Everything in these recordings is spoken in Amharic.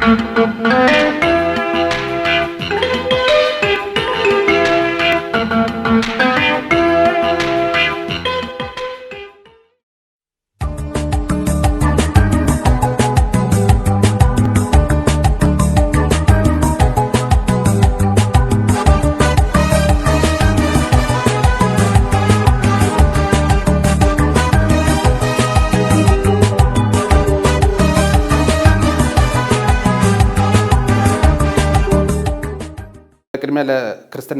Thank you.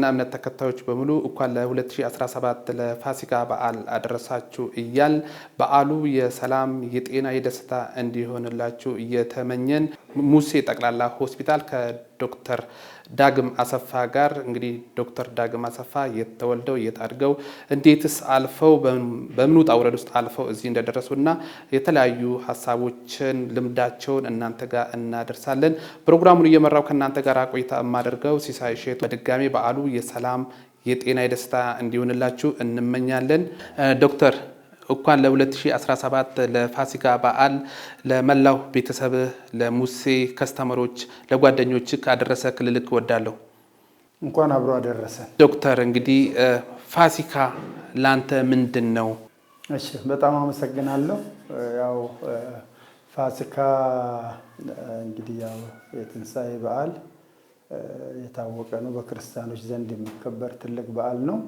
የእስልምና እምነት ተከታዮች በሙሉ እንኳን ለ2017 ለፋሲካ በዓል አደረሳችሁ እያል በዓሉ የሰላም የጤና የደስታ እንዲሆንላችሁ እየተመኘን ሙሴ ጠቅላላ ሆስፒታል ዶክተር ዳግም አሰፋ ጋር እንግዲህ ዶክተር ዳግም አሰፋ የት ተወልደው የት አድገው እንዴትስ አልፈው በምን ውጣ ውረድ ውስጥ አልፈው እዚህ እና የተለያዩ ሀሳቦችን ልምዳቸውን እናንተ ጋር እናደርሳለን። ፕሮግራሙን እየመራው ከእናንተ ጋር ቆይታ የማደርገው ሲሳይ ሼቱ። በድጋሜ በዓሉ የሰላም የጤና የደስታ እንዲሆንላችሁ እንመኛለን ዶክተር እንኳን ለ2017 ለፋሲካ በዓል ለመላው ቤተሰብህ፣ ለሙሴ ከስተመሮች፣ ለጓደኞች አደረሰ ክልልክ ወዳለሁ እንኳን አብሮ አደረሰ። ዶክተር እንግዲህ ፋሲካ ላንተ ምንድን ነው? እሺ በጣም አመሰግናለሁ። ያው ፋሲካ እንግዲህ ያው የትንሣኤ በዓል የታወቀ ነው። በክርስቲያኖች ዘንድ የሚከበር ትልቅ በዓል ነው።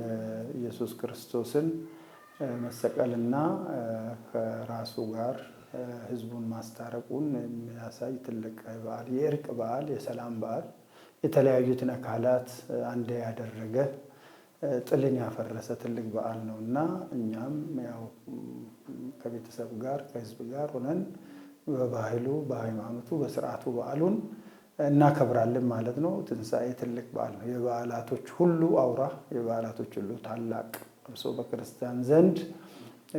የኢየሱስ ክርስቶስን መሰቀልና ከራሱ ጋር ህዝቡን ማስታረቁን የሚያሳይ ትልቅ በዓል፣ የእርቅ በዓል፣ የሰላም በዓል የተለያዩትን አካላት አንድ ያደረገ ጥልን ያፈረሰ ትልቅ በዓል ነው እና እኛም ያው ከቤተሰብ ጋር ከህዝብ ጋር ሆነን በባህሉ በሃይማኖቱ በስርዓቱ በዓሉን እናከብራለን ማለት ነው። ትንሣኤ ትልቅ በዓል ነው። የበዓላቶች ሁሉ አውራ የበዓላቶች ሁሉ ታላቅ እርሶ በክርስቲያን ዘንድ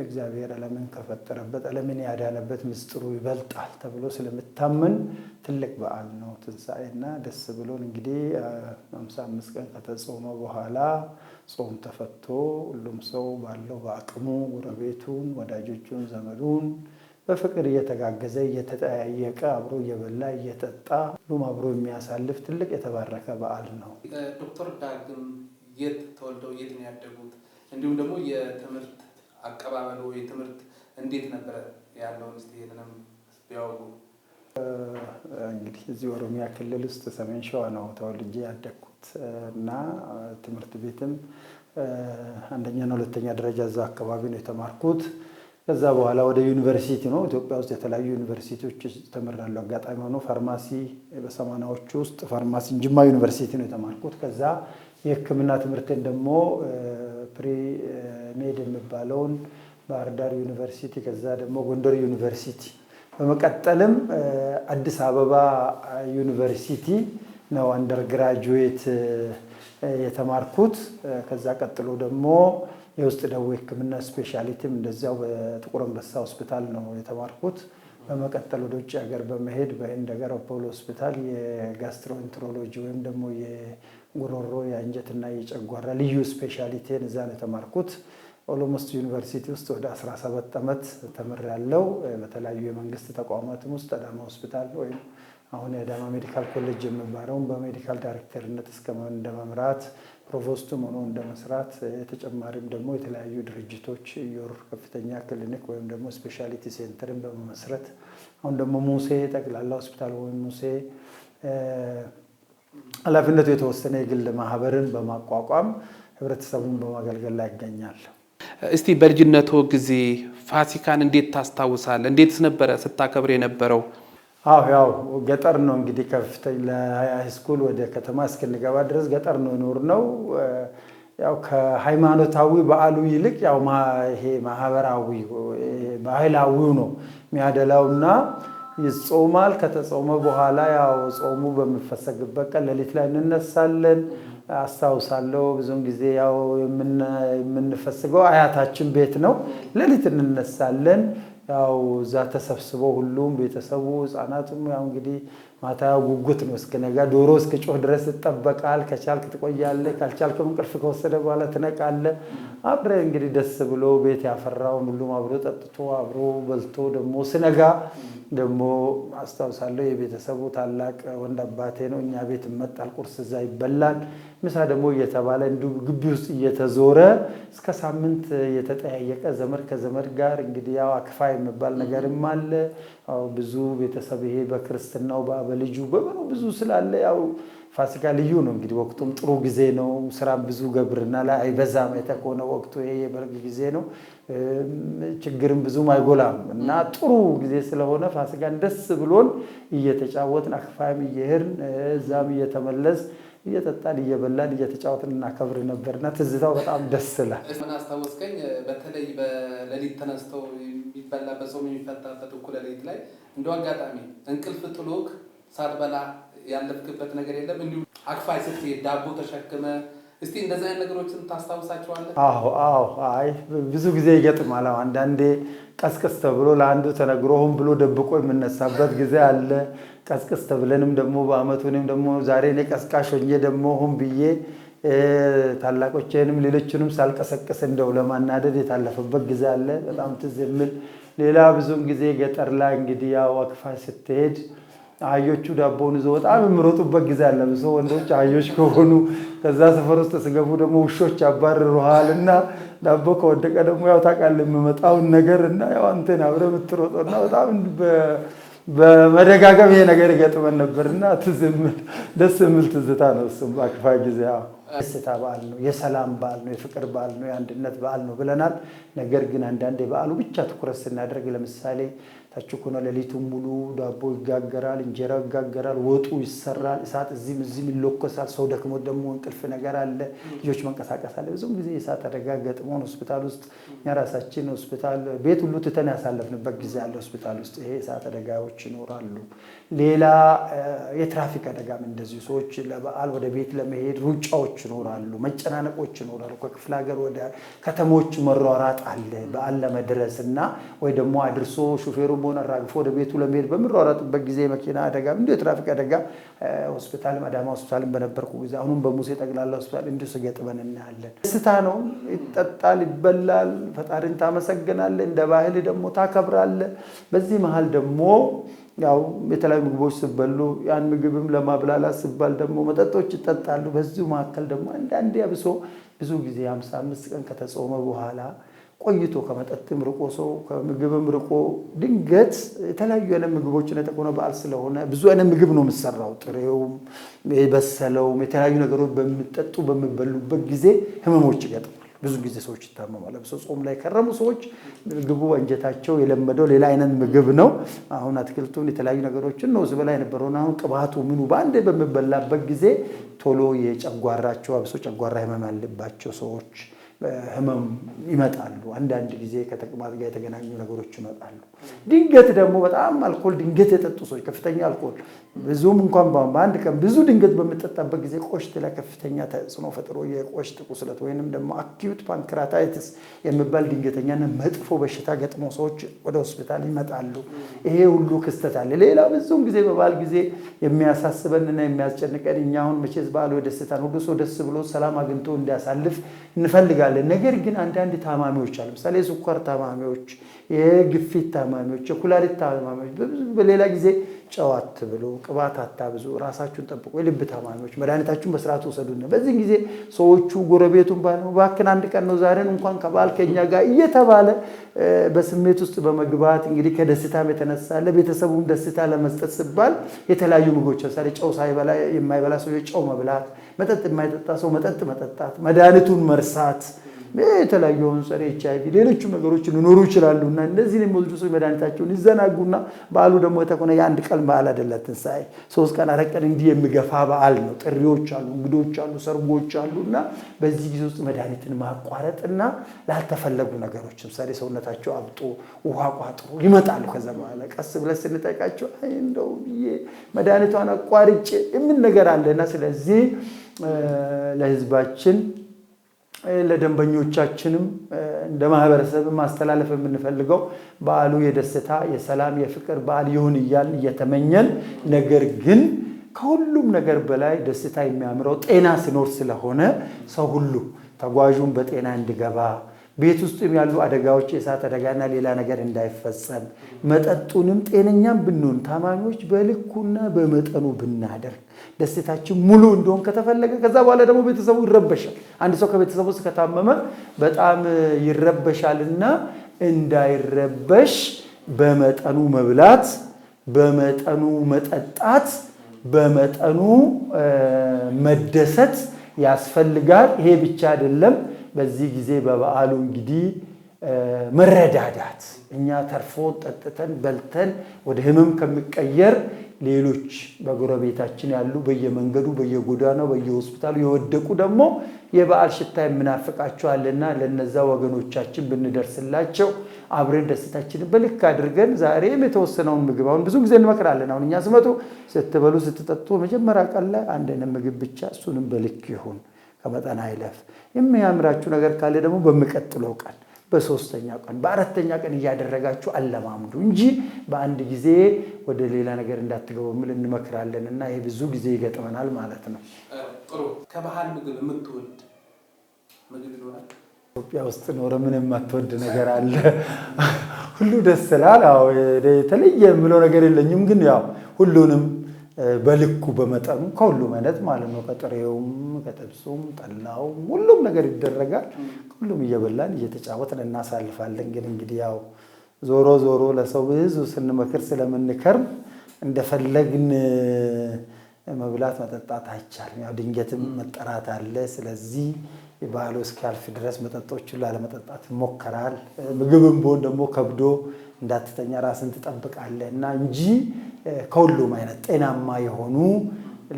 እግዚአብሔር ዓለምን ከፈጠረበት ዓለምን ያዳነበት ምስጢሩ ይበልጣል ተብሎ ስለምታመን ትልቅ በዓል ነው ትንሣኤና። ደስ ብሎን እንግዲህ አምሳ አምስት ቀን ከተጾመ በኋላ ጾም ተፈቶ ሁሉም ሰው ባለው በአቅሙ ጎረቤቱን፣ ወዳጆቹን፣ ዘመዱን በፍቅር እየተጋገዘ እየተጠያየቀ አብሮ እየበላ እየጠጣ ሁሉም አብሮ የሚያሳልፍ ትልቅ የተባረከ በዓል ነው። ዶክተር ዳግም የት ተወልደው የት ነው ያደጉት? እንዲሁም ደግሞ የትምህርት አቀባበሉ የትምህርት እንዴት ነበረ ያለውን ስ ይህንንም ቢያወጉ። እንግዲህ እዚህ ኦሮሚያ ክልል ውስጥ ሰሜን ሸዋ ነው ተወልጄ ያደግኩት እና ትምህርት ቤትም አንደኛና ሁለተኛ ደረጃ እዛ አካባቢ ነው የተማርኩት። ከዛ በኋላ ወደ ዩኒቨርሲቲ ነው ኢትዮጵያ ውስጥ የተለያዩ ዩኒቨርሲቲዎች ተምራለሁ። አጋጣሚ ሆኖ ፋርማሲ በሰማናዎቹ ውስጥ ፋርማሲ ጅማ ዩኒቨርሲቲ ነው የተማርኩት። ከዛ የሕክምና ትምህርትን ደግሞ ፕሪ ሜድ የሚባለውን ባህር ዳር ዩኒቨርሲቲ ከዛ ደግሞ ጎንደር ዩኒቨርሲቲ በመቀጠልም አዲስ አበባ ዩኒቨርሲቲ ነው አንደር ግራጁዌት የተማርኩት። ከዛ ቀጥሎ ደግሞ የውስጥ ደዌ ሕክምና ስፔሻሊቲም እንደዚያው በጥቁር አንበሳ ሆስፒታል ነው የተማርኩት። በመቀጠል ወደ ውጭ ሀገር በመሄድ በኢንደገር አፖሎ ሆስፒታል የጋስትሮኢንትሮሎጂ ወይም ደግሞ ጉሮሮ፣ የአንጀትና የጨጓራ ልዩ ስፔሻሊቲን እዛ ነው የተማርኩት። ኦሎሞስት ዩኒቨርሲቲ ውስጥ ወደ 17 ዓመት ተምሬያለሁ። በተለያዩ የመንግስት ተቋማትም ውስጥ አዳማ ሆስፒታል ወይም አሁን የአዳማ ሜዲካል ኮሌጅ የምባለውን በሜዲካል ዳይሬክተርነት እስከ እንደ መምራት ፕሮቮስቱም ሆኖ እንደ መስራት ተጨማሪም ደግሞ የተለያዩ ድርጅቶች ዮር ከፍተኛ ክሊኒክ ወይም ደግሞ ስፔሻሊቲ ሴንተርን በመመስረት አሁን ደግሞ ሙሴ ጠቅላላ ሆስፒታል ወይም ሙሴ ኃላፊነቱ የተወሰነ የግል ማህበርን በማቋቋም ህብረተሰቡን በማገልገል ላይ ይገኛል። እስቲ በልጅነቱ ጊዜ ፋሲካን እንዴት ታስታውሳል? እንዴትስ ነበረ ስታከብር የነበረው? አዎ ያው ገጠር ነው እንግዲህ ከፍተኛ ለሃይስኩል ወደ ከተማ እስክንገባ ድረስ ገጠር ነው ኖር ነው ያው ከሃይማኖታዊ በዓሉ ይልቅ ያው ይሄ ማህበራዊ ባህላዊው ነው እና ይጾማል። ከተጾመ በኋላ ያው ጾሙ በሚፈሰግበት ቀን ሌሊት ላይ እንነሳለን። አስታውሳለሁ ብዙውን ጊዜ ያው የምንፈስገው አያታችን ቤት ነው። ሌሊት እንነሳለን። ያው እዛ ተሰብስበው ሁሉም ቤተሰቡ ህፃናቱም ያው እንግዲህ ማታ ጉጉት ነው። እስከ ነጋ ዶሮ እስከ ጮህ ድረስ ትጠበቃል። ከቻልክ ትቆያለህ፣ ካልቻልክም እንቅልፍ ከወሰደ በኋላ ትነቃለህ። አብረ እንግዲህ ደስ ብሎ ቤት ያፈራውን ሁሉም አብሮ ጠጥቶ አብሮ በልቶ ደግሞ ስነጋ ደግሞ አስታውሳለሁ የቤተሰቡ ታላቅ ወንድ አባቴ ነው። እኛ ቤት መጣል፣ ቁርስ እዛ ይበላል፣ ምሳ ደግሞ እየተባለ እንዲሁ ግቢ ውስጥ እየተዞረ እስከ ሳምንት እየተጠያየቀ ዘመድ ከዘመድ ጋር እንግዲህ ያው አክፋ የሚባል ነገርም አለ ያው ብዙ ቤተሰብ ይሄ በክርስትናው በአበልጁ በምኑ ብዙ ስላለ ያው ፋሲካ ልዩ ነው እንግዲህ ወቅቱም ጥሩ ጊዜ ነው። ስራም ብዙ ገብርና ላይ አይበዛም የተኮነ ወቅቱ ይሄ የበልግ ጊዜ ነው። ችግርም ብዙም አይጎላም እና ጥሩ ጊዜ ስለሆነ ፋሲካን ደስ ብሎን እየተጫወትን አክፋም እየሄድን እዛም እየተመለስ እየጠጣን እየበላን እየተጫወትን እናከብር ነበርና ትዝታው በጣም ደስ ይላል። ምን አስታወስከኝ፣ በተለይ በሌሊት ተነስተው የሚበላበት ሰው የሚፈታበት እኩለ ሌሊት ላይ እንደ አጋጣሚ እንቅልፍ ጥሎክ ሳትበላ ያለፍክበት ነገር የለም? እንዲሁ አክፋይ ስትሄድ ዳቦ ተሸክመ እስቲ እንደዚህ አይነት ነገሮችን ታስታውሳቸዋለህ? አዎ አይ ብዙ ጊዜ ይገጥማል። አንዳንዴ ቀስቅስ ተብሎ ለአንዱ ተነግሮ ሆን ብሎ ደብቆ የምነሳበት ጊዜ አለ። ቀስቅስ ተብለንም ደግሞ በአመቱ ወይም ደግሞ ዛሬ እኔ ቀስቃሽ ሆኜ ደግሞ ሆን ብዬ ታላቆቼንም ሌሎችንም ሳልቀሰቅስ እንደው ለማናደድ የታለፈበት ጊዜ አለ። በጣም ትዝ የሚል ሌላ ብዙም ጊዜ ገጠር ላይ እንግዲህ ያው አክፋ ስትሄድ አህዮቹ ዳቦውን ይዘው በጣም የምሮጡበት ጊዜ አለ። ብዙ ወንዶች አህዮች ከሆኑ ከዛ ሰፈር ውስጥ ስገቡ ደግሞ ውሾች ያባርሩሃል እና ዳቦ ከወደቀ ደግሞ ያው ታውቃለህ የምመጣውን ነገር እና ያው አንተን አብረህ የምትሮጠው እና በጣም በመደጋገም ይሄ ነገር ይገጥመን ነበር እና የሚል ደስ የሚል ትዝታ ነው። እሱም አክፋ ጊዜ ደስታ በዓል ነው፣ የሰላም በዓል ነው፣ የፍቅር በዓል ነው፣ የአንድነት በዓል ነው ብለናል። ነገር ግን አንዳንዴ በዓሉ ብቻ ትኩረት ስናደርግ ለምሳሌ ታች ኮነ ሌሊቱን ሙሉ ዳቦ ይጋገራል፣ እንጀራ ይጋገራል፣ ወጡ ይሰራል። እሳት እዚህም እዚህም ይለኮሳል። ሰው ደክሞት ደግሞ እንቅልፍ ነገር አለ፣ ልጆች መንቀሳቀስ አለ። ብዙም ጊዜ እሳት አደጋ ገጥሞን ሆስፒታል ውስጥ እኛ ራሳችን ሆስፒታል ቤት ሁሉ ትተን ያሳለፍንበት ጊዜ አለ። ሆስፒታል ውስጥ ይሄ እሳት አደጋዎች ይኖራሉ። ሌላ የትራፊክ አደጋም እንደዚሁ ሰዎች ለበዓል ወደ ቤት ለመሄድ ሩጫዎች ይኖራሉ፣ መጨናነቆች ይኖራሉ። ከክፍለ ሀገር ወደ ከተሞች መሯራጥ አለ በዓል ለመድረስ እና ወይ ደግሞ አድርሶ ሹፌሩ ልቦና አራግፎ ወደ ቤቱ ለመሄድ በምሯሯጥበት ጊዜ መኪና አደጋ፣ እንዲ የትራፊክ አደጋ ሆስፒታል አዳማ ሆስፒታልን በነበርኩ ጊዜ አሁኑም በሙሴ ጠቅላላ ሆስፒታል እንዲ ስገጥመን እናያለን። ደስታ ነው። ይጠጣል፣ ይበላል፣ ፈጣሪን ታመሰግናለ፣ እንደ ባህል ደግሞ ታከብራለ። በዚህ መሀል ደግሞ ያው የተለያዩ ምግቦች ስበሉ ያን ምግብም ለማብላላት ሲባል ደግሞ መጠጦች ይጠጣሉ። በዚሁ መካከል ደግሞ አንዳንዴ አብሶ ብዙ ጊዜ 55 ቀን ከተጾመ በኋላ ቆይቶ ከመጠጥም ርቆ ሰው ከምግብም ርቆ ድንገት የተለያዩ አይነት ምግቦች ነጠቆነ በዓል ስለሆነ ብዙ አይነት ምግብ ነው የምሰራው። ጥሬውም የበሰለውም የተለያዩ ነገሮች በሚጠጡ በሚበሉበት ጊዜ ህመሞች ይገጥማል። ብዙ ጊዜ ሰዎች ይታመማል። ለብሰው ጾም ላይ ከረሙ ሰዎች ምግቡ አንጀታቸው የለመደው ሌላ አይነት ምግብ ነው። አሁን አትክልቱን የተለያዩ ነገሮችን ነው ዝበላ የነበረውን አሁን ቅባቱ ምኑ በአንዴ በሚበላበት ጊዜ ቶሎ የጨጓራቸው አብሶ ጨጓራ ህመም ያለባቸው ሰዎች ህመም ይመጣሉ። አንዳንድ ጊዜ ከተቅማጥ ጋር የተገናኙ ነገሮች ይመጣሉ። ድንገት ደግሞ በጣም አልኮል ድንገት የጠጡ ሰዎች ከፍተኛ አልኮል ብዙም እንኳን በአንድ ቀን ብዙ ድንገት በምጠጣበት ጊዜ ቆሽት ላይ ከፍተኛ ተጽዕኖ ፈጥሮ የቆሽት ቁስለት ወይንም ደግሞ አኪዩት ፓንክራታይትስ የሚባል ድንገተኛና መጥፎ በሽታ ገጥሞ ሰዎች ወደ ሆስፒታል ይመጣሉ። ይሄ ሁሉ ክስተት አለ። ሌላ ብዙም ጊዜ በበዓል ጊዜ የሚያሳስበንና የሚያስጨንቀን እኛ አሁን መቼስ በዓል ሁሉ ሰው ደስ ብሎ ሰላም አግኝቶ እንዲያሳልፍ እንፈልጋለን። እንፈልጋለን። ነገር ግን አንዳንድ ታማሚዎች አሉ። ምሳሌ የስኳር ታማሚዎች፣ የግፊት ታማሚዎች፣ የኩላሊት ታማሚዎች በሌላ ጊዜ ጨው አትብሉ፣ ቅባት አታብዙ፣ ራሳችሁን ጠብቁ፣ የልብ ታማሚዎች መድኃኒታችሁን በስርዓት ውሰዱ። በዚህም ጊዜ ሰዎቹ ጎረቤቱን ባል እባክን አንድ ቀን ነው ዛሬን እንኳን ከበዓል ከኛ ጋር እየተባለ በስሜት ውስጥ በመግባት እንግዲህ ከደስታም የተነሳ ለቤተሰቡም ደስታ ለመስጠት ሲባል የተለያዩ ምግቦች ለምሳሌ ጨው የማይበላ ሰው ጨው መብላት፣ መጠጥ የማይጠጣ ሰው መጠጥ መጠጣት፣ መድኃኒቱን መርሳት የተለያዩ አንጸር ኤች አይቪ ሌሎችም ነገሮች ሊኖሩ ይችላሉ እና እነዚህን የሚወስዱ ሰዎች መድኃኒታቸውን ይዘናጉና በዓሉ ደግሞ የተኮነ የአንድ ቀን በዓል አይደለ ትንሣኤ ሶስት ቀን አራት ቀን እንዲህ የሚገፋ በዓል ነው። ጥሪዎች አሉ፣ እንግዶች አሉ፣ ሰርጎች አሉ እና በዚህ ጊዜ ውስጥ መድኃኒትን ማቋረጥና ላልተፈለጉ ነገሮች ለምሳሌ ሰውነታቸው አብጦ ውሃ ቋጥሮ ይመጣሉ። ከዛ በኋላ ቀስ ብለ ስንጠይቃቸው አይ እንደው ብዬ መድኃኒቷን አቋርጬ የምን ነገር አለና ስለዚህ ለህዝባችን ለደንበኞቻችንም እንደ ማህበረሰብ ማስተላለፍ የምንፈልገው በዓሉ የደስታ፣ የሰላም፣ የፍቅር በዓል ይሁን እያል እየተመኘን ነገር ግን ከሁሉም ነገር በላይ ደስታ የሚያምረው ጤና ሲኖር ስለሆነ ሰው ሁሉ ተጓዡን በጤና እንዲገባ ቤት ውስጥም ያሉ አደጋዎች የእሳት አደጋና ሌላ ነገር እንዳይፈጸም መጠጡንም ጤነኛም ብንሆን ታማሚዎች በልኩና በመጠኑ ብናደርግ ደሴታችን ሙሉ እንደሆን ከተፈለገ ከዛ በኋላ ደግሞ ቤተሰቡ ይረበሻል። አንድ ሰው ከቤተሰቡ ውስጥ ከታመመ በጣም ይረበሻልና እንዳይረበሽ በመጠኑ መብላት፣ በመጠኑ መጠጣት፣ በመጠኑ መደሰት ያስፈልጋል። ይሄ ብቻ አይደለም። በዚህ ጊዜ በበዓሉ እንግዲህ መረዳዳት እኛ ተርፎ ጠጥተን በልተን ወደ ህመም ከሚቀየር ሌሎች በጎረቤታችን ያሉ በየመንገዱ በየጎዳናው በየሆስፒታሉ የወደቁ ደግሞ የበዓል ሽታ የምናፍቃቸዋልና ለነዛ ወገኖቻችን ብንደርስላቸው አብረን ደስታችንን በልክ አድርገን ዛሬም የተወሰነውን ምግብ አሁን ብዙ ጊዜ እንመክራለን። አሁን እኛ ስመጡ ስትበሉ ስትጠጡ መጀመሪያ ቀን ላይ አንድ አይነት ምግብ ብቻ እሱንም በልክ ይሁን ከመጠን አይለፍ። የሚያምራችሁ ነገር ካለ ደግሞ በሚቀጥለው ቀን በሶስተኛ ቀን በአራተኛ ቀን እያደረጋችሁ አለማምዱ እንጂ በአንድ ጊዜ ወደ ሌላ ነገር እንዳትገቡ የሚል እንመክራለን እና ይህ ብዙ ጊዜ ይገጥመናል ማለት ነው። ጥሩ ከባህል ምግብ የምትወድ ምግብ ኢትዮጵያ ውስጥ ኖረ ምን የማትወድ ነገር አለ? ሁሉ ደስ ይላል። የተለየ የምለው ነገር የለኝም፣ ግን ያው ሁሉንም በልኩ በመጠኑ ከሁሉም አይነት ማለት ነው። ከጥሬውም ከጥብሱም ጠላውም ሁሉም ነገር ይደረጋል። ሁሉም እየበላን እየተጫወትን እናሳልፋለን። ግን እንግዲህ ያው ዞሮ ዞሮ ለሰው ብዙ ስንመክር ስለምንከርም እንደፈለግን መብላት መጠጣት አይቻልም። ያው ድንገትም መጠራት አለ። ስለዚህ ባህሉ እስኪያልፍ ድረስ መጠጦቹን ላለመጠጣት ይሞከራል። ምግብም ቦን ደግሞ ከብዶ እንዳትተኛ ራስን ትጠብቃለህ እና እንጂ ከሁሉም አይነት ጤናማ የሆኑ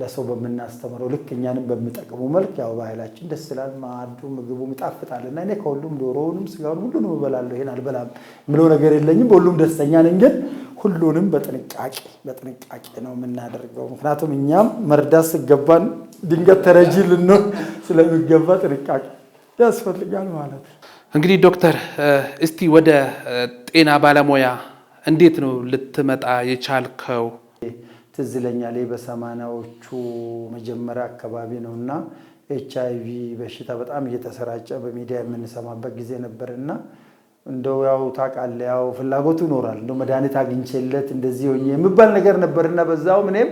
ለሰው በምናስተምረው ልክ እኛንም በሚጠቅሙ መልክ ያው ባህላችን ደስ ይላል። ማዕዱ ምግቡም ይጣፍጣል እና እኔ ከሁሉም ዶሮውንም ስጋውን ሁሉንም እበላለሁ። ይሄን አልበላም ምለው ነገር የለኝም። በሁሉም ደስተኛ ነኝ ግን ሁሉንም በጥንቃቄ በጥንቃቄ ነው የምናደርገው። ምክንያቱም እኛም መርዳት ስገባን ድንገት ተረጂ ልንሆን ስለሚገባ ጥንቃቄ ያስፈልጋል ማለት ነው። እንግዲህ ዶክተር እስቲ ወደ ጤና ባለሙያ እንዴት ነው ልትመጣ የቻልከው? ትዝ ይለኛል በሰማናዎቹ መጀመሪያ አካባቢ ነው እና ኤች አይ ቪ በሽታ በጣም እየተሰራጨ በሚዲያ የምንሰማበት ጊዜ ነበር እና እንደው ያው ታውቃለህ፣ ያው ፍላጎቱ ይኖራል። እንደው መድኃኒት አግኝቼለት እንደዚህ ሆኜ የሚባል ነገር ነበርና በዛው እኔም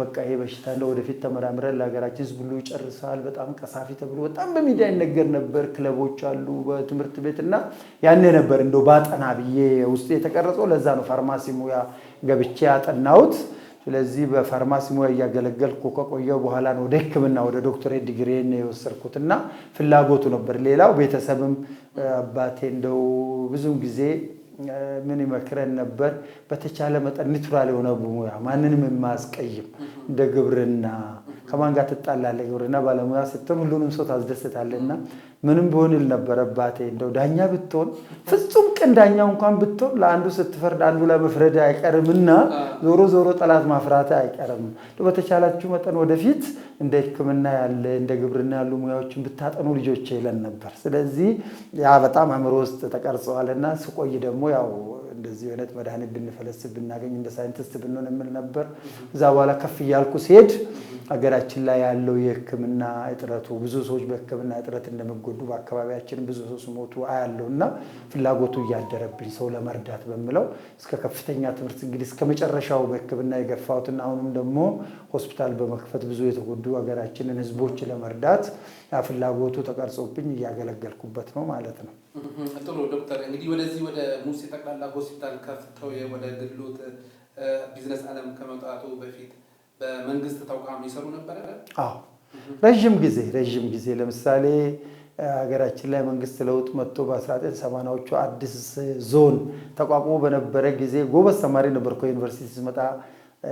በቃ ይሄ በሽታ እንደው ወደፊት ተመራምረን ለሀገራችን ሕዝብ ሁሉ ይጨርሳል፣ በጣም ቀሳፊ ተብሎ በጣም በሚዲያ ይነገር ነበር። ክለቦች አሉ በትምህርት ቤት እና ያኔ ነበር እንደው ባጠና ብዬ ውስጥ የተቀረጸው። ለዛ ነው ፋርማሲ ሙያ ገብቼ ያጠናሁት። ስለዚህ በፋርማሲ ሙያ እያገለገልኩ ከቆየው በኋላ ወደ ሕክምና ወደ ዶክትሬት ዲግሪን የወሰድኩትና ፍላጎቱ ነበር። ሌላው ቤተሰብም አባቴ እንደው ብዙም ጊዜ ምን ይመክረን ነበር፣ በተቻለ መጠን ኒቱራል የሆነ ሙያ ማንንም የማያስቀይም እንደ ግብርና ከማን ጋር ትጣላለህ? ግብርና ባለሙያ ስትም ሁሉንም ሰው ታስደስታለና ምንም ቢሆን ይል ነበር አባቴ። እንደው ዳኛ ብትሆን ፍጹም ቅን ዳኛ እንኳን ብትሆን ለአንዱ ስትፈርድ አንዱ ለመፍረድ አይቀርምና ዞሮ ዞሮ ጠላት ማፍራት አይቀርም። በተቻላችሁ መጠን ወደፊት እንደ ሕክምና ያለ እንደ ግብርና ያሉ ሙያዎችን ብታጠኑ ልጆች ይለን ነበር። ስለዚህ ያ በጣም አእምሮ ውስጥ ተቀርጸዋልና ስቆይ ደግሞ ያው እንደዚህ አይነት መድኃኒት ብንፈለስብ ብናገኝ እንደ ሳይንቲስት ብንሆን የምል ነበር። እዛ በኋላ ከፍ እያልኩ ሲሄድ ሀገራችን ላይ ያለው የሕክምና እጥረቱ ብዙ ሰዎች በሕክምና እጥረት እንደመጎ ሲጎዱ በአካባቢያችን ብዙ ሰው ሲሞቱ አያለው እና ፍላጎቱ እያደረብኝ ሰው ለመርዳት በምለው እስከ ከፍተኛ ትምህርት እንግዲህ እስከ መጨረሻው በሕክምና የገፋሁትን አሁንም ደግሞ ሆስፒታል በመክፈት ብዙ የተጎዱ ሀገራችንን ህዝቦች ለመርዳት ፍላጎቱ ተቀርጾብኝ እያገለገልኩበት ነው ማለት ነው። ጥሩ ዶክተር፣ እንግዲህ ወደዚህ ወደ ሙሴ ጠቅላላ ሆስፒታል ከፍተው ወደ ግሎት ቢዝነስ አለም ከመውጣቱ በፊት በመንግስት ተቋም ይሰሩ ነበረ? አዎ ረዥም ጊዜ ረዥም ጊዜ ለምሳሌ ሀገራችን ላይ መንግስት ለውጥ መጥቶ በ1980ዎቹ አዲስ ዞን ተቋቁሞ በነበረ ጊዜ ጎበዝ ተማሪ ነበር። ከዩኒቨርሲቲ ስመጣ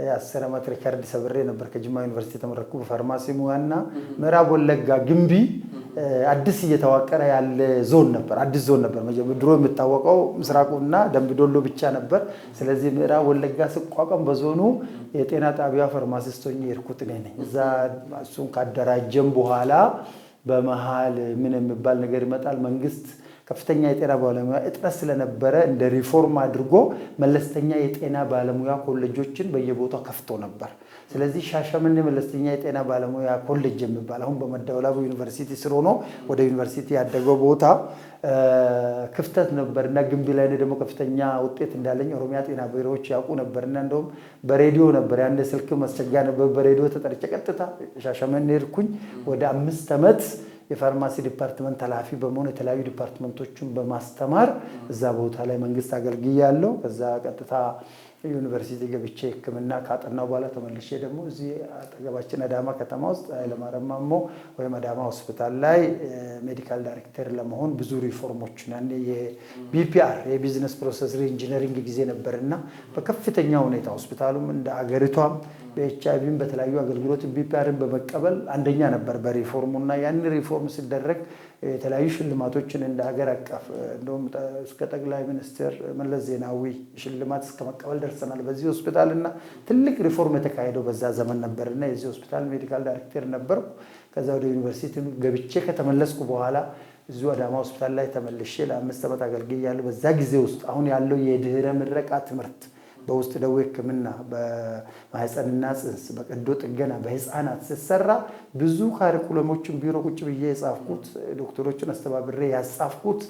የአስር ዓመት ሪከርድ ሰብሬ ነበር። ከጅማ ዩኒቨርሲቲ የተመረኩ በፋርማሲ ሙያና ምዕራብ ወለጋ ግንቢ አዲስ እየተዋቀረ ያለ ዞን ነበር። አዲስ ዞን ነበር። ድሮ የምታወቀው ምስራቁ ምስራቁና ደምቢዶሎ ብቻ ነበር። ስለዚህ ምዕራብ ወለጋ ስቋቋም በዞኑ የጤና ጣቢያ ፋርማሲስቶኝ የርኩት እኔ ነኝ። እዛ እሱን ካደራጀም በኋላ በመሀል ምን የሚባል ነገር ይመጣል መንግስት ከፍተኛ የጤና ባለሙያ እጥረት ስለነበረ እንደ ሪፎርም አድርጎ መለስተኛ የጤና ባለሙያ ኮሌጆችን በየቦታው ከፍቶ ነበር። ስለዚህ ሻሸመኔ መለስተኛ የጤና ባለሙያ ኮሌጅ የሚባል አሁን በመደወላቡ ዩኒቨርሲቲ ስር ሆኖ ወደ ዩኒቨርሲቲ ያደገው ቦታ ክፍተት እና ግንቢ ላይ ደግሞ ከፍተኛ ውጤት እንዳለኝ ኦሮሚያ ጤና ቢሮዎች ያውቁ እና እንደውም በሬዲዮ ነበር ያን ስልክ መስቸጋ ነበር። በሬዲዮ ተጠርቼ ቀጥታ ሻሸመኔ ሄድኩኝ። ወደ አምስት ዓመት የፋርማሲ ዲፓርትመንት ኃላፊ በመሆን የተለያዩ ዲፓርትመንቶችን በማስተማር እዛ ቦታ ላይ መንግስት አገልግያለሁ። ከዛ ቀጥታ ዩኒቨርሲቲ ገብቼ ሕክምና ካጠናው በኋላ ተመልሼ ደግሞ እዚህ አጠገባችን አዳማ ከተማ ውስጥ ኃይለማርያም ማሞ ወይም አዳማ ሆስፒታል ላይ ሜዲካል ዳይሬክተር ለመሆን ብዙ ሪፎርሞች ያኔ የቢፒአር የቢዝነስ ፕሮሰስ ሪኢንጂነሪንግ ጊዜ ነበርና በከፍተኛ ሁኔታ ሆስፒታሉም እንደ አገሪቷም በኤች አይቪም በተለያዩ አገልግሎት ቢፒአርን በመቀበል አንደኛ ነበር እና ያን ሪፎርም ሲደረግ የተለያዩ ሽልማቶችን እንደ ሀገር አቀፍ እንደውም እስከ ጠቅላይ ሚኒስትር መለስ ዜናዊ ሽልማት እስከ መቀበል ደርሰናል። በዚህ ሆስፒታል እና ትልቅ ሪፎርም የተካሄደው በዛ ዘመን ነበር እና የዚህ ሆስፒታል ሜዲካል ዳይሬክተር ነበርኩ። ከዛ ወደ ዩኒቨርሲቲ ገብቼ ከተመለስኩ በኋላ እዚሁ አዳማ ሆስፒታል ላይ ተመልሼ ለአምስት ዓመት አገልግያለሁ። በዛ ጊዜ ውስጥ አሁን ያለው የድህረ ምረቃ ትምህርት በውስጥ ደዌ ሕክምና፣ በማህፀንና ጽንስ፣ በቀዶ ጥገና፣ በህፃናት ስሰራ ብዙ ካሪኩለሞችን ቢሮ ቁጭ ብዬ የጻፍኩት ዶክተሮችን አስተባብሬ ያጻፍኩት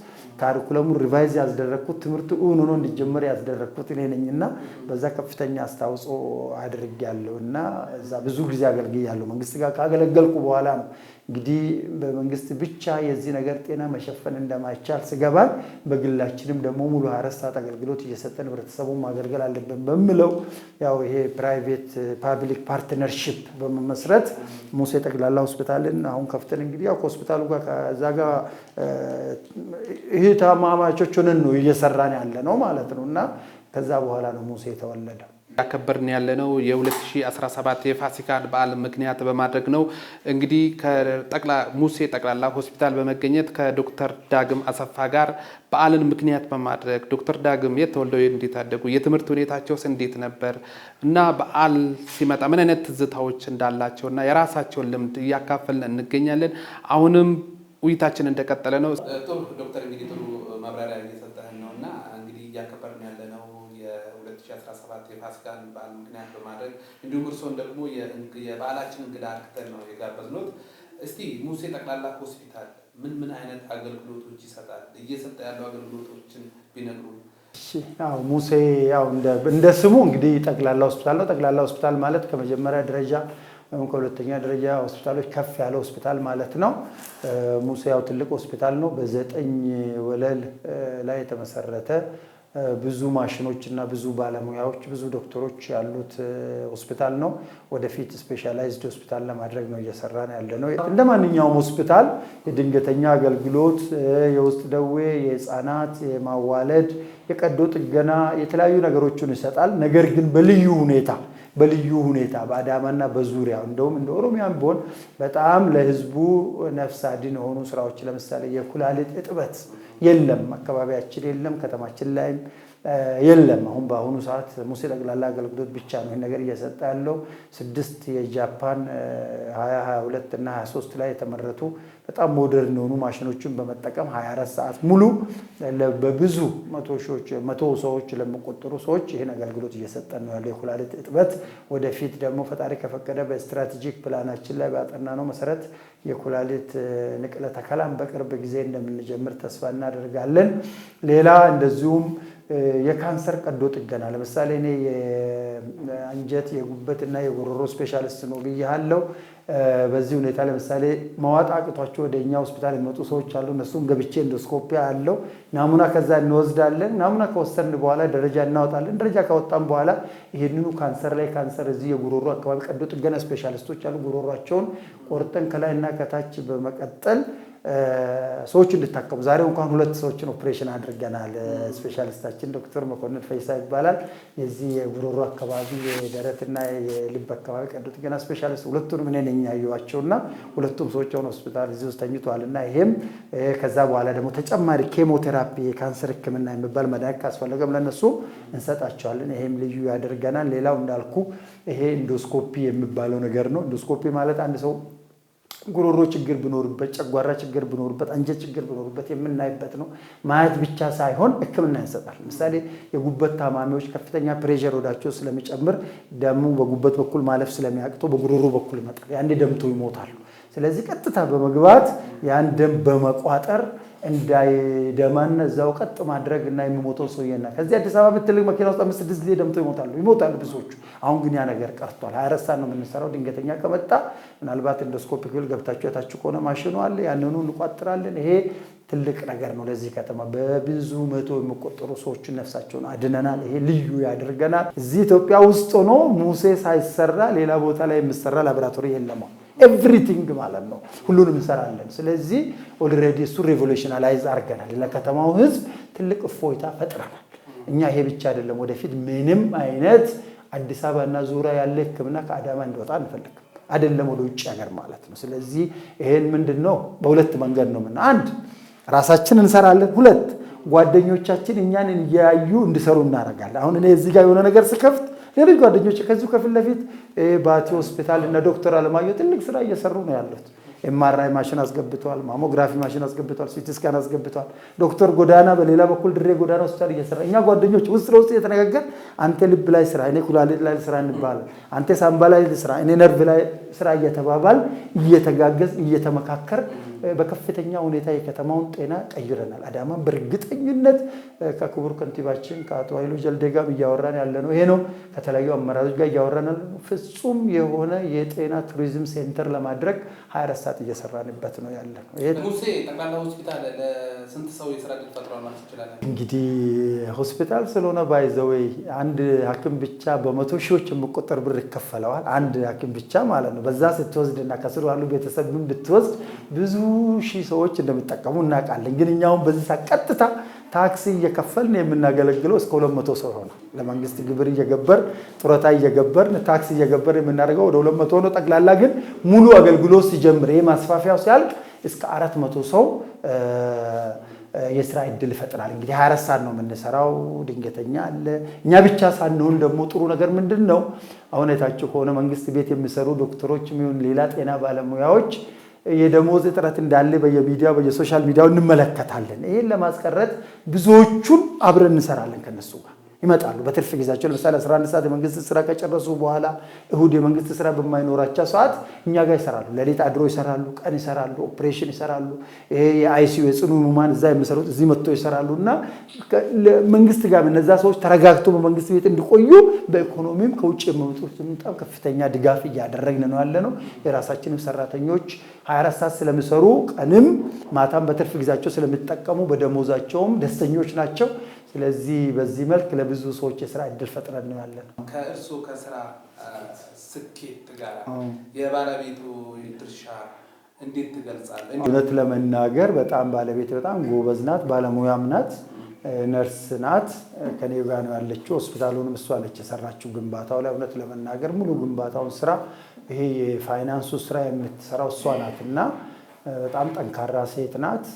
ካሪኩለሙ ሪቫይዝ ያስደረግኩት ትምህርት እውን ሆኖ እንዲጀመር ያስደረግኩት እኔ ነኝ እና በዛ ከፍተኛ አስተዋጽኦ አድርጌያለሁ እና እዛ ብዙ ጊዜ አገልግያለሁ። መንግስት ጋር ካገለገልኩ በኋላ ነው እንግዲህ በመንግስት ብቻ የዚህ ነገር ጤና መሸፈን እንደማይቻል ስገባን በግላችንም ደግሞ ሙሉ ሃያ አራት ሰዓት አገልግሎት እየሰጠን ህብረተሰቡን ማገልገል አለብን በምለው ያው ይሄ ፕራይቬት ፓብሊክ ፓርትነርሽፕ በመመስረት ሙሴ ጠቅላላ ሆስፒታልን አሁን ከፍተን እንግዲህ ያው ከሆስፒታሉ ጋር ከዛ ጋር እህትማማቾች ሆነን ነው እየሰራን ያለ ነው ማለት ነው እና ከዛ በኋላ ነው ሙሴ የተወለደው። ያከበርን ነው የ2017 የፋሲካን በዓል ምክንያት በማድረግ ነው። እንግዲህ ሙሴ ጠቅላላ ሆስፒታል በመገኘት ከዶክተር ዳግም አሰፋ ጋር በዓልን ምክንያት በማድረግ ዶክተር ዳግም የት ተወልደው እንዴት አደጉ፣ የትምህርት ሁኔታቸውስ እንዴት ነበር እና በዓል ሲመጣ ምን አይነት ትዝታዎች እንዳላቸው እና የራሳቸውን ልምድ እያካፈልን እንገኛለን። አሁንም ውይይታችን እንደቀጠለ ነው። እንዲሁም እርስዎን ደግሞ የበዓላችን እንግዳ አርክተን ነው የጋበዝነው። እስቲ ሙሴ ጠቅላላ ሆስፒታል ምን ምን አይነት አገልግሎቶች ይሰጣል? እየሰጠ ያሉ አገልግሎቶችን ቢነግሩ። ሙሴ ያው እንደ ስሙ እንግዲህ ጠቅላላ ሆስፒታል ነው። ጠቅላላ ሆስፒታል ማለት ከመጀመሪያ ደረጃ ወይም ከሁለተኛ ደረጃ ሆስፒታሎች ከፍ ያለ ሆስፒታል ማለት ነው። ሙሴ ያው ትልቅ ሆስፒታል ነው። በዘጠኝ ወለል ላይ የተመሰረተ ብዙ ማሽኖች እና ብዙ ባለሙያዎች ብዙ ዶክተሮች ያሉት ሆስፒታል ነው። ወደፊት ስፔሻላይዝድ ሆስፒታል ለማድረግ ነው እየሰራን ያለ ነው። እንደ ማንኛውም ሆስፒታል የድንገተኛ አገልግሎት፣ የውስጥ ደዌ፣ የህፃናት፣ የማዋለድ፣ የቀዶ ጥገና የተለያዩ ነገሮችን ይሰጣል። ነገር ግን በልዩ ሁኔታ በልዩ ሁኔታ በአዳማና በዙሪያ እንደውም እንደ ኦሮሚያም ቢሆን በጣም ለህዝቡ ነፍስ አድን የሆኑ ስራዎች ለምሳሌ የኩላሊት እጥበት የለም አካባቢያችን የለም ከተማችን ላይም የለም። አሁን በአሁኑ ሰዓት ሙሴ ጠቅላላ አገልግሎት ብቻ ነው ይህን ነገር እየሰጠ ያለው። ስድስት የጃፓን 22 እና 23 ላይ የተመረቱ በጣም ሞደርን የሆኑ ማሽኖችን በመጠቀም 24 ሰዓት ሙሉ በብዙ መቶ ሰዎች ለሚቆጠሩ ሰዎች ይህን አገልግሎት እየሰጠ ነው ያለው። የኩላሊት እጥበት ወደፊት ደግሞ ፈጣሪ ከፈቀደ በስትራቴጂክ ፕላናችን ላይ ባጠናነው መሰረት የኩላሊት ንቅለ ተከላም በቅርብ ጊዜ እንደምንጀምር ተስፋ እናደርጋለን። ሌላ እንደዚሁም የካንሰር ቀዶ ጥገና ለምሳሌ እኔ የአንጀት የጉበትና የጉሮሮ ስፔሻሊስት ነው ብያለው። በዚህ ሁኔታ ለምሳሌ መዋጥ አቅቷቸው ወደ እኛ ሆስፒታል የሚመጡ ሰዎች አሉ። እነሱም ገብቼ ኢንዶስኮፒ አለው ናሙና ከዛ እንወስዳለን። ናሙና ከወሰድን በኋላ ደረጃ እናወጣለን። ደረጃ ካወጣን በኋላ ይህንኑ ካንሰር ላይ ካንሰር እዚህ የጉሮሮ አካባቢ ቀዶ ጥገና ስፔሻሊስቶች አሉ። ጉሮሯቸውን ቆርጠን ከላይና ከታች በመቀጠል ሰዎች እንድታከሙ ዛሬ እንኳን ሁለት ሰዎችን ኦፕሬሽን አድርገናል። ስፔሻሊስታችን ዶክተር መኮንን ፈይሳ ይባላል። የዚህ የጉሮሮ አካባቢ የደረትና የልብ አካባቢ ቀዶ ጥገና ስፔሻሊስት ሁለቱንም እኔ ነኝ ያየኋቸው እና ሁለቱም ሰዎች አሁን ሆስፒታል እዚህ ውስጥ ተኝተዋል እና ይሄም ከዛ በኋላ ደግሞ ተጨማሪ ኬሞቴራፒ የካንሰር ሕክምና የሚባል መድኃኒት ካስፈለገም ለነሱ እንሰጣቸዋለን። ይሄም ልዩ ያደርገናል። ሌላው እንዳልኩ ይሄ ኢንዶስኮፒ የሚባለው ነገር ነው። ኢንዶስኮፒ ማለት አንድ ሰው ጉሮሮ ችግር ብኖርበት ጨጓራ ችግር ብኖርበት አንጀት ችግር ብኖርበት የምናይበት ነው። ማየት ብቻ ሳይሆን ሕክምና ይሰጣል። ምሳሌ የጉበት ታማሚዎች ከፍተኛ ፕሬዠር ወዳቸው ስለሚጨምር ደሙ በጉበት በኩል ማለፍ ስለሚያቅተው በጉሮሮ በኩል ይመጣል። ያንዴ ደምቶ ይሞታሉ። ስለዚህ ቀጥታ በመግባት ያን ደም በመቋጠር እንዳይደማን እዛው ቀጥ ማድረግ እና የሚሞተው ሰውዬና ከዚህ አዲስ አበባ ብትልቅ መኪና ውስጥ አምስት ስድስት ጊዜ ደምተው ይሞታሉ ይሞታሉ ብዙዎቹ። አሁን ግን ያ ነገር ቀርቷል። አያረሳ ነው የምንሰራው። ድንገተኛ ከመጣ ምናልባት ኢንዶስኮፒ ክፍል ገብታችሁ የታች ከሆነ ማሽኑ አለ፣ ያንኑ እንቋጥራለን። ይሄ ትልቅ ነገር ነው ለዚህ ከተማ። በብዙ መቶ የሚቆጠሩ ሰዎችን ነፍሳቸውን አድነናል። ይሄ ልዩ ያደርገናል። እዚህ ኢትዮጵያ ውስጥ ሆኖ ሙሴ ሳይሰራ ሌላ ቦታ ላይ የሚሰራ ላቦራቶሪ የለም። ኤቭሪቲንግ ማለት ነው። ሁሉንም እንሰራለን። ስለዚህ ኦልሬዲ እሱ ሬቮሉሽናላይዝ አድርገናል። ለከተማው ህዝብ ትልቅ እፎይታ ፈጥረናል። እኛ ይሄ ብቻ አይደለም፣ ወደፊት ምንም አይነት አዲስ አበባ እና ዙሪያ ያለ ህክምና ከአዳማ እንደወጣ አንፈልግም። አይደለም ወደ ውጭ ሀገር ማለት ነው። ስለዚህ ይሄን ምንድን ነው በሁለት መንገድ ነው ምና አንድ ራሳችን እንሰራለን፣ ሁለት ጓደኞቻችን እኛን እያዩ እንዲሰሩ እናደርጋለን። አሁን እኔ እዚህ ጋር የሆነ ነገር ስከፍት ሌሎች ጓደኞች ከዚሁ ከፊት ለፊት ባቲ ሆስፒታል እና ዶክተር አለማየሁ ትልቅ ስራ እየሰሩ ነው ያሉት። ኤምአርአይ ማሽን አስገብተዋል፣ ማሞግራፊ ማሽን አስገብተዋል፣ ሲቲ ስካን አስገብተዋል። ዶክተር ጎዳና በሌላ በኩል ድሬ ጎዳና ሆስፒታል እየሰራ እኛ ጓደኞች ውስጥ ለውስጥ እየተነጋገር አንተ ልብ ላይ ስራ፣ እኔ ኩላሊት ላይ ስራ እንባል፣ አንተ ሳምባ ላይ ስራ፣ እኔ ነርቭ ላይ ስራ እየተባባል እየተጋገዝ እየተመካከር በከፍተኛ ሁኔታ የከተማውን ጤና ቀይረናል። አዳማን በእርግጠኝነት ከክቡር ከንቲባችን ከአቶ ኃይሉ ጀልዴ ጋር እያወራን ያለ ነው ይሄ ነው። ከተለያዩ አመራሮች ጋር እያወራን ያለ ነው። ፍጹም የሆነ የጤና ቱሪዝም ሴንተር ለማድረግ 24 ሰዓት እየሰራንበት ነው ያለ ነው። ሙሴ ጠቅላላ ሆስፒታል ለስንት ሰው የስራ ዕድል ፈጥሯል ማለት ይችላል? እንግዲህ ሆስፒታል ስለሆነ ባይዘወይ አንድ ሐኪም ብቻ በመቶ ሺዎች የሚቆጠር ብር ይከፈለዋል። አንድ ሐኪም ብቻ ማለት ነው። በዛ ስትወስድና ከስሩ ያሉ ቤተሰብ ብትወስድ ብዙ ሺህ ሰዎች እንደሚጠቀሙ እናውቃለን። ግን እኛውን በዚህ ሰዓት ቀጥታ ታክሲ እየከፈልን የምናገለግለው እስከ ሁለት መቶ ሰው ሆነ። ለመንግስት ግብር እየገበር ጡረታ እየገበርን ታክሲ እየገበር የምናደርገው ወደ ሁለት መቶ ጠቅላላ። ግን ሙሉ አገልግሎት ሲጀምር ይህ ማስፋፊያው ሲያልቅ እስከ አራት መቶ ሰው የስራ እድል ይፈጥራል። እንግዲህ 24 ሰዓት ነው የምንሰራው። ድንገተኛ አለ። እኛ ብቻ ሳንሆን ደግሞ ጥሩ ነገር ምንድን ነው አሁን የታችሁ ከሆነ መንግስት ቤት የሚሰሩ ዶክተሮች የሚሆን ሌላ ጤና ባለሙያዎች የደሞዝ እጥረት እንዳለ በየሚዲያ በየሶሻል ሚዲያው እንመለከታለን። ይህን ለማስቀረት ብዙዎቹን አብረን እንሰራለን ከነሱ ጋር ይመጣሉ። በትርፍ ጊዜያቸው ለምሳሌ 11 ሰዓት የመንግስት ስራ ከጨረሱ በኋላ እሁድ የመንግስት ስራ በማይኖራቸው ሰዓት እኛ ጋር ይሰራሉ። ሌሊት አድሮ ይሰራሉ፣ ቀን ይሰራሉ፣ ኦፕሬሽን ይሰራሉ። የአይሲዩ የጽኑ ህሙማን እዛ የሚሰሩት እዚህ መጥቶ ይሰራሉ እና መንግስት ጋር እነዛ ሰዎች ተረጋግቶ በመንግስት ቤት እንዲቆዩ በኢኮኖሚም ከውጭ የመምጡት በጣም ከፍተኛ ድጋፍ እያደረግን ነው ያለ ነው። የራሳችንም ሰራተኞች 24 ሰዓት ስለሚሰሩ ቀንም ማታም በትርፍ ጊዜያቸው ስለሚጠቀሙ በደሞዛቸውም ደስተኞች ናቸው። ስለዚህ በዚህ መልክ ለብዙ ሰዎች የስራ እድል ፈጥረን ነው ያለ ነው። ከእርሱ ከስራ ስኬት ጋር የባለቤቱ ድርሻ እንዴት ትገልጻለ? እውነት ለመናገር በጣም ባለቤት በጣም ጎበዝ ናት፣ ባለሙያም ናት፣ ነርስ ናት። ከኔ ጋር ነው ያለችው። ሆስፒታሉንም እሷ ነች የሰራችው ግንባታው ላይ። እውነት ለመናገር ሙሉ ግንባታውን ስራ ይሄ የፋይናንሱ ስራ የምትሰራው እሷ ናት እና በጣም ጠንካራ ሴት ናት።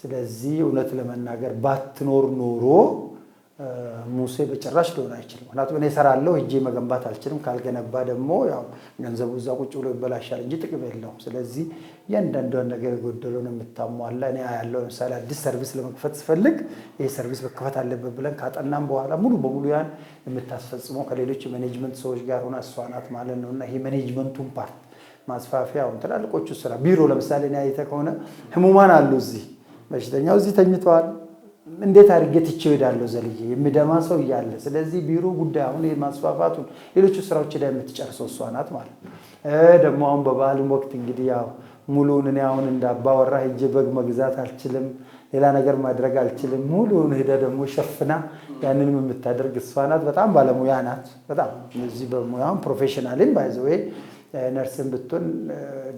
ስለዚህ እውነት ለመናገር ባትኖር ኖሮ ሙሴ በጭራሽ ሊሆን አይችልም። ምክንያቱም እኔ እሰራለሁ እጄ መገንባት አልችልም። ካልገነባ ደግሞ ያው ገንዘቡ እዛ ቁጭ ብሎ ይበላሻል እንጂ ጥቅም የለውም። ስለዚህ እያንዳንዷን ነገር የጎደለውን የምታሟላ እኔ ያለው ለምሳሌ አዲስ ሰርቪስ ለመክፈት ስፈልግ ይህ ሰርቪስ መክፈት አለበት ብለን ካጠናም በኋላ ሙሉ በሙሉ ያን የምታስፈጽመው ከሌሎች የማኔጅመንት ሰዎች ጋር ሆና እሷ ናት ማለት ነው እና ይሄ ማኔጅመንቱን ፓርት ማስፋፊያውን ትላልቆቹ ስራ ቢሮ ለምሳሌ እኔ አይተህ ከሆነ ህሙማን አሉ እዚህ በሽተኛው እዚህ ተኝተዋል። እንዴት አድርጌ ትቼው እሄዳለሁ? ዘልዬ የሚደማ ሰው እያለ ስለዚህ ቢሮ ጉዳይ አሁን ማስፋፋቱን ሌሎቹ ስራዎች ላይ የምትጨርሰው እሷ ናት ማለት ደግሞ አሁን በበዓልም ወቅት እንግዲህ ያው ሙሉውን እኔ አሁን እንዳባወራ አባወራ በግ መግዛት አልችልም፣ ሌላ ነገር ማድረግ አልችልም። ሙሉውን ሄደ ደግሞ ሸፍና ያንንም የምታደርግ እሷ ናት። በጣም ባለሙያ ናት። በጣም እዚህ በሙያውን ፕሮፌሽናልም ባይዘ ነርስን ብትሆን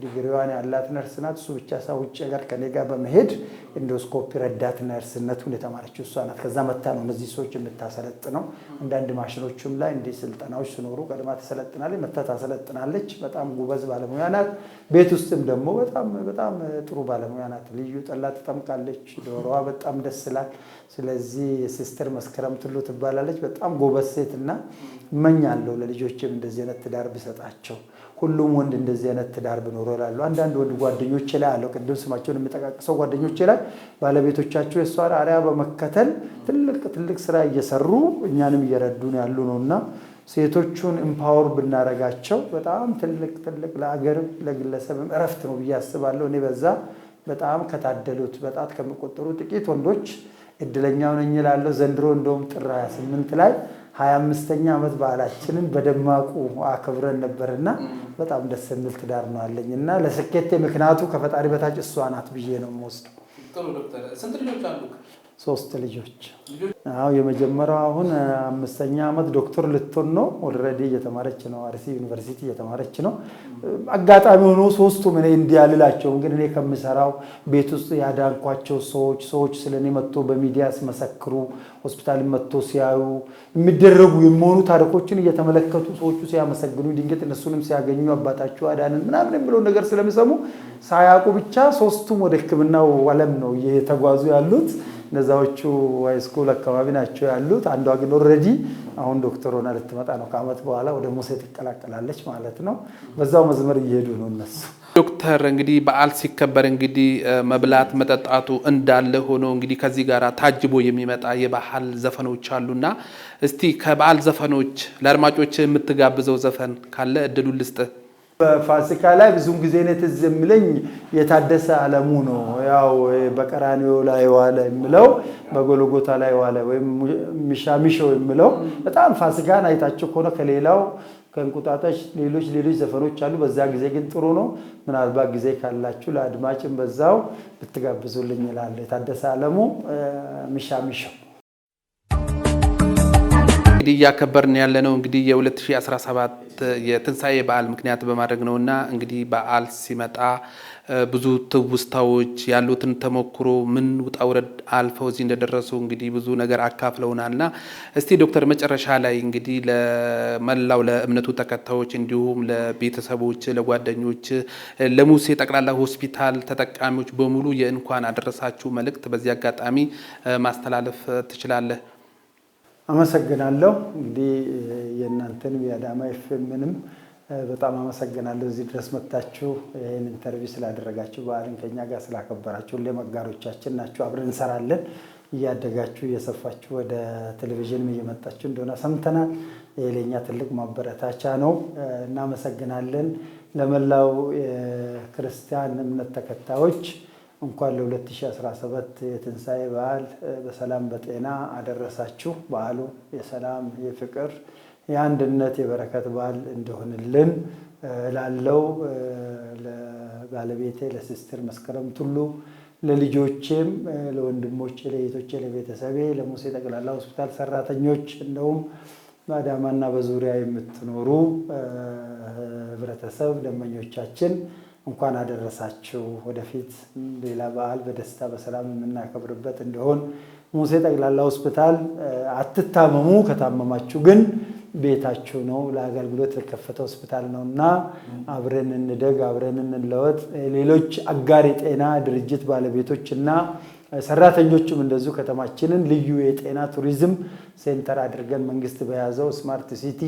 ዲግሪዋን ያላት ነርስ ናት። እሱ ብቻ ሳ ውጭ ጋር ከኔ ጋር በመሄድ ኢንዶስኮፒ ረዳት ነርስነቱን የተማረችው እሷ ናት። ከዛ መታ ነው እነዚህ ሰዎች የምታሰለጥ ነው። አንዳንድ ማሽኖችም ላይ እንዲህ ስልጠናዎች ሲኖሩ ቀድማ ተሰለጥናለች፣ መታ ታሰለጥናለች። በጣም ጉበዝ ባለሙያ ናት። ቤት ውስጥም ደግሞ በጣም በጣም ጥሩ ባለሙያ ናት። ልዩ ጠላ ትጠምቃለች። ዶሮዋ በጣም ደስ ይላል። ስለዚህ ሲስተር መስከረም ትሉ ትባላለች። በጣም ጎበዝ ሴት እና እመኛለሁ ለልጆችም እንደዚህ አይነት ትዳር ብሰጣቸው። ሁሉም ወንድ እንደዚህ አይነት ትዳር ብኖረው ላሉ አንዳንድ ወንድ ጓደኞች ላይ አለው ቅድም ስማቸውን የምጠቃቅሰው ጓደኞች ላይ ባለቤቶቻቸው የእሷን አርያ በመከተል ትልቅ ትልቅ ስራ እየሰሩ እኛንም እየረዱን ያሉ ነው እና ሴቶቹን ኢምፓወር ብናረጋቸው በጣም ትልቅ ትልቅ ለአገር ለግለሰብም እረፍት ነው ብዬ አስባለሁ። እኔ በዛ በጣም ከታደሉት በጣት ከሚቆጠሩ ጥቂት ወንዶች እድለኛውን እኝላለሁ። ዘንድሮ እንደውም ጥር 28 ላይ ሀያ አምስተኛ ዓመት በዓላችንን በደማቁ አክብረን ነበርና በጣም ደስ የሚል ትዳር ነው አለኝ እና ለስኬቴ ምክንያቱ ከፈጣሪ በታች እሷ ናት ብዬ ነው የምወስደው። ጥሩ ዶክተር፣ ስንት ልጆች አሉ? ሶስት ልጆች። አዎ የመጀመሪያው አሁን አምስተኛ ዓመት ዶክተር ልትሆን ነው። ኦልሬዲ እየተማረች ነው፣ አርሲ ዩኒቨርሲቲ እየተማረች ነው። አጋጣሚ ሆኖ ሶስቱ እኔ እንዲህ ግን እኔ ከምሰራው ቤት ውስጥ ያዳንኳቸው ሰዎች ሰዎች ስለ እኔ መጥቶ በሚዲያ ሲመሰክሩ፣ ሆስፒታል መጥቶ ሲያዩ የሚደረጉ የሚሆኑ ታሪኮችን እየተመለከቱ ሰዎቹ ሲያመሰግኑ፣ ድንገት እነሱንም ሲያገኙ አባታቸው አዳንን ምናምን የሚለው ነገር ስለሚሰሙ ሳያውቁ ብቻ ሶስቱም ወደ ሕክምናው ዓለም ነው እየተጓዙ ያሉት። እነዛዎቹ ስኩል አካባቢ ናቸው ያሉት። አንዷ ግን ኦልሬዲ አሁን ዶክተር ሆና ልትመጣ ነው። ከዓመት በኋላ ወደ ሙሴ ትቀላቀላለች ማለት ነው። በዛው መዝመር እየሄዱ ነው እነሱ። ዶክተር እንግዲህ በዓል ሲከበር እንግዲህ መብላት መጠጣቱ እንዳለ ሆኖ እንግዲህ ከዚህ ጋር ታጅቦ የሚመጣ የባህል ዘፈኖች አሉና እስቲ ከበዓል ዘፈኖች ለአድማጮች የምትጋብዘው ዘፈን ካለ እድሉ ልስጥ። በፋሲካ ላይ ብዙን ጊዜ እኔ ትዝ የምለኝ የታደሰ አለሙ ነው። ያው በቀራንዮ ላይ ዋለ የምለው በጎልጎታ ላይ ዋለ ወይም ሚሻሚሾው የምለው በጣም ፋሲካን አይታቸው ከሆነ ከሌላው ከእንቁጣጣሽ ሌሎች ሌሎች ዘፈኖች አሉ። በዛ ጊዜ ግን ጥሩ ነው። ምናልባት ጊዜ ካላችሁ ለአድማጭም በዛው ብትጋብዙልኝ ይላል የታደሰ አለሙ ሚሻሚሾው እንግዲህ እያከበርን ያለነው እንግዲህ የ2017 የትንሣኤ በዓል ምክንያት በማድረግ ነው እና እንግዲህ በዓል ሲመጣ ብዙ ትውስታዎች ያሉትን ተሞክሮ ምን ውጣ ውረድ አልፈው እዚህ እንደደረሱ እንግዲህ ብዙ ነገር አካፍለውናል እና እስቲ ዶክተር መጨረሻ ላይ እንግዲህ ለመላው ለእምነቱ ተከታዮች እንዲሁም ለቤተሰቦች፣ ለጓደኞች፣ ለሙሴ ጠቅላላ ሆስፒታል ተጠቃሚዎች በሙሉ የእንኳን አደረሳችሁ መልእክት በዚህ አጋጣሚ ማስተላለፍ ትችላለህ? አመሰግናለሁ። እንግዲህ የእናንተን የአዳማ ኤፍኤምንም በጣም አመሰግናለሁ። እዚህ ድረስ መጥታችሁ ይህን ኢንተርቪው ስላደረጋችሁ፣ በዓልን ከኛ ጋር ስላከበራችሁ፣ ሁሌ መጋሮቻችን ናችሁ። አብረን እንሰራለን። እያደጋችሁ እየሰፋችሁ ወደ ቴሌቪዥንም እየመጣችሁ እንደሆነ ሰምተናል። ይሄ ትልቅ ማበረታቻ ነው። እናመሰግናለን። ለመላው የክርስቲያን እምነት ተከታዮች እንኳን ለ2017 የትንሣኤ በዓል በሰላም በጤና አደረሳችሁ። በዓሉ የሰላም የፍቅር፣ የአንድነት፣ የበረከት በዓል እንደሆንልን ላለው ለባለቤቴ ለሲስትር መስከረም ቱሉ ለልጆቼም፣ ለወንድሞቼ፣ ለእህቶቼ፣ ለቤተሰቤ፣ ለሙሴ ጠቅላላ ሆስፒታል ሰራተኞች እንደውም በአዳማና በዙሪያ የምትኖሩ ህብረተሰብ ደንበኞቻችን እንኳን አደረሳችሁ። ወደፊት ሌላ በዓል በደስታ በሰላም የምናከብርበት እንዲሆን ሙሴ ጠቅላላ ሆስፒታል አትታመሙ፣ ከታመማችሁ ግን ቤታችሁ ነው፣ ለአገልግሎት የተከፈተ ሆስፒታል ነው እና አብረን እንደግ፣ አብረን እንለወጥ። ሌሎች አጋር የጤና ድርጅት ባለቤቶች እና ሰራተኞቹም እንደዚሁ ከተማችንን ልዩ የጤና ቱሪዝም ሴንተር አድርገን መንግስት በያዘው ስማርት ሲቲ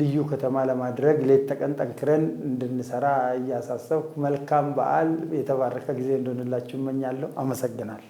ልዩ ከተማ ለማድረግ ሌት ተቀን ጠንክረን እንድንሰራ እያሳሰብኩ መልካም በዓል፣ የተባረከ ጊዜ እንደሆንላችሁ እመኛለሁ። አመሰግናል።